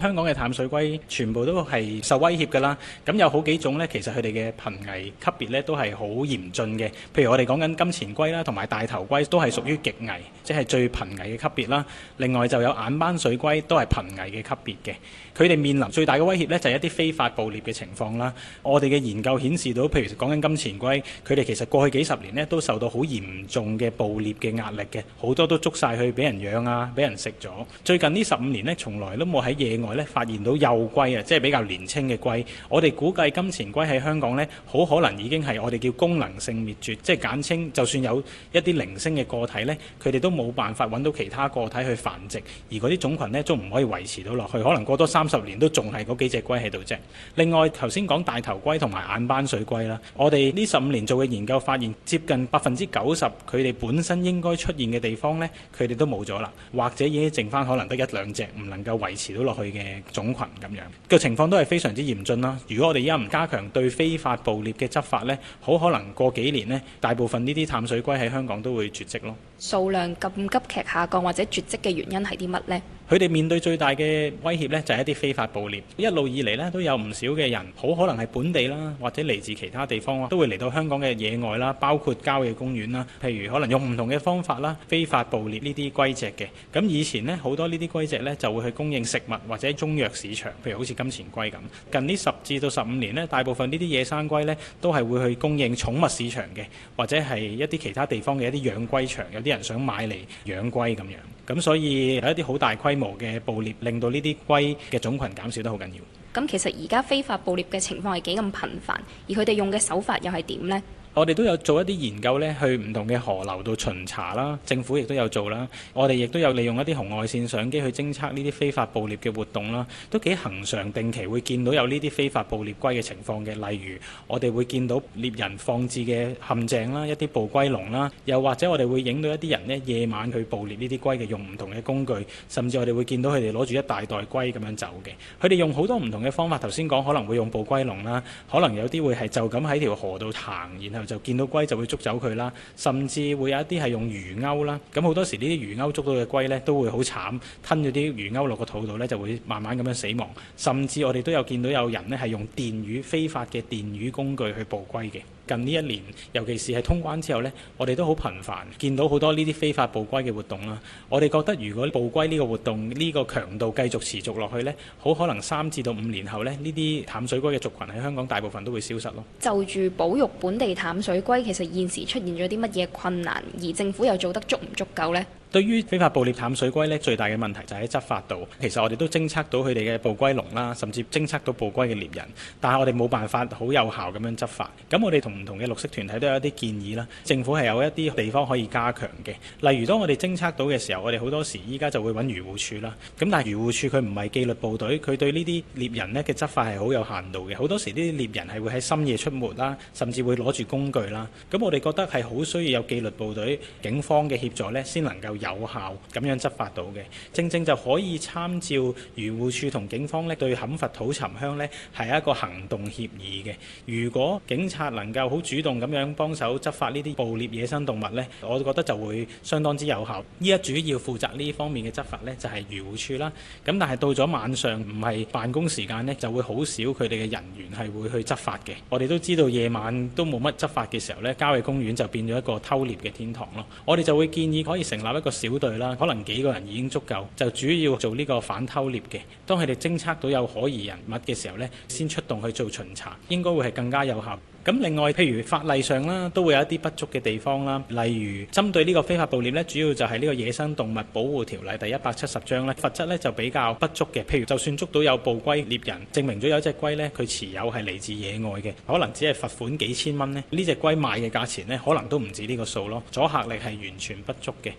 香港嘅淡水龜全部都係受威脅㗎啦，咁有好幾種呢，其實佢哋嘅瀕危級別呢都係好嚴峻嘅。譬如我哋講緊金錢龜啦，同埋大頭龜都係屬於極危，即係最瀕危嘅級別啦。另外就有眼斑水龜都係瀕危嘅級別嘅。佢哋面臨最大嘅威脅呢就係一啲非法捕獵嘅情況啦。我哋嘅研究顯示到，譬如講緊金錢龜，佢哋其實過去幾十年呢都受到好嚴重嘅捕獵嘅壓力嘅，好多都捉晒去俾人養啊，俾人食咗。最近呢十五年呢，從來都冇喺野外，咧發現到幼龜啊，即係比較年輕嘅龜。我哋估計金錢龜喺香港呢，好可能已經係我哋叫功能性滅絕，即係簡稱。就算有一啲零星嘅個體呢，佢哋都冇辦法揾到其他個體去繁殖，而嗰啲種群呢，都唔可以維持到落去。可能過多三十年都仲係嗰幾隻龜喺度啫。另外頭先講大頭龜同埋眼斑水龜啦，我哋呢十五年做嘅研究發現，接近百分之九十佢哋本身應該出現嘅地方呢，佢哋都冇咗啦，或者已經剩返可能得一兩隻，唔能夠維持到落去嘅。嘅種群咁樣個、這個、情況都係非常之嚴峻啦。如果我哋而家唔加強對非法捕獵嘅執法呢，好可能過幾年呢，大部分呢啲淡水龜喺香港都會絕跡咯。數量咁急劇下降或者絕跡嘅原因係啲乜呢？佢哋面對最大嘅威脅呢，就係一啲非法捕獵。一路以嚟呢，都有唔少嘅人，好可能係本地啦，或者嚟自其他地方，啊，都會嚟到香港嘅野外啦，包括郊野公園啦。譬如可能用唔同嘅方法啦，非法捕獵呢啲龜隻嘅。咁以前呢，好多呢啲龜隻呢，就會去供應食物或者中藥市場，譬如好似金錢龜咁。近呢十至到十五年呢，大部分呢啲野生龜呢，都係會去供應寵物市場嘅，或者係一啲其他地方嘅一啲養龜場，有啲人想買嚟養龜咁樣。咁所以有一啲好大規模嘅捕獵，令到呢啲龜嘅種群減少得好緊要。咁其實而家非法捕獵嘅情況係幾咁頻繁，而佢哋用嘅手法又係點呢？我哋都有做一啲研究咧，去唔同嘅河流度巡查啦。政府亦都有做啦。我哋亦都有利用一啲紅外線相機去偵測呢啲非法捕獵嘅活動啦。都幾恆常定期會見到有呢啲非法捕獵龜嘅情況嘅。例如，我哋會見到獵人放置嘅陷阱啦，一啲捕龜籠啦，又或者我哋會影到一啲人咧夜晚去捕獵呢啲龜嘅，用唔同嘅工具，甚至我哋會見到佢哋攞住一大袋龜咁樣走嘅。佢哋用好多唔同嘅方法，頭先講可能會用捕龜籠啦，可能有啲會係就咁喺條河度行，然後。就見到龜就會捉走佢啦，甚至會有一啲係用魚鈎啦，咁好多時呢啲魚鈎捉到嘅龜呢，都會好慘，吞咗啲魚鈎落個肚度呢，就會慢慢咁樣死亡，甚至我哋都有見到有人呢，係用電魚非法嘅電魚工具去捕龜嘅。近呢一年，尤其是係通關之後咧，我哋都好頻繁見到好多呢啲非法捕龜嘅活動啦。我哋覺得，如果捕龜呢個活動呢個強度繼續持續落去咧，好可能三至到五年後咧，呢啲淡水龜嘅族群喺香港大部分都會消失咯。就住保育本地淡水龜，其實現時出現咗啲乜嘢困難，而政府又做得足唔足夠咧？對於非法捕獵淡水龜咧，最大嘅問題就喺執法度。其實我哋都偵測到佢哋嘅捕龜籠啦，甚至偵測到捕龜嘅獵人，但係我哋冇辦法好有效咁樣執法。咁我哋同唔同嘅綠色團體都有一啲建議啦。政府係有一啲地方可以加強嘅，例如當我哋偵測到嘅時候，我哋好多時依家就會揾漁護署啦。咁但係漁護署佢唔係紀律部隊，佢對呢啲獵人咧嘅執法係好有限度嘅。好多時呢啲獵人係會喺深夜出沒啦，甚至會攞住工具啦。咁我哋覺得係好需要有紀律部隊、警方嘅協助呢，先能夠，有效咁樣執法到嘅，正正就可以參照漁護署同警方咧，對砍伐土沉香咧，係一個行動協議嘅。如果警察能夠好主動咁樣幫手執法呢啲捕獵野生動物咧，我覺得就會相當之有效。依家主要負責呢方面嘅執法咧，就係漁護署啦。咁但係到咗晚上唔係辦公時間咧，就會好少佢哋嘅人員係會去執法嘅。我哋都知道夜晚都冇乜執法嘅時候咧，郊野公園就變咗一個偷獵嘅天堂咯。我哋就會建議可以成立一個個小隊啦，可能幾個人已經足夠，就主要做呢個反偷獵嘅。當佢哋偵測到有可疑人物嘅時候呢，先出動去做巡查，應該會係更加有效。咁另外，譬如法例上啦，都會有一啲不足嘅地方啦，例如針對呢個非法捕獵呢，主要就係呢個野生動物保護條例第一百七十章呢，罰則呢，就比較不足嘅。譬如就算捉到有捕龜獵人，證明咗有一隻龜呢，佢持有係嚟自野外嘅，可能只係罰款幾千蚊咧，呢隻龜賣嘅價錢呢，可能都唔止呢個數咯，阻嚇力係完全不足嘅。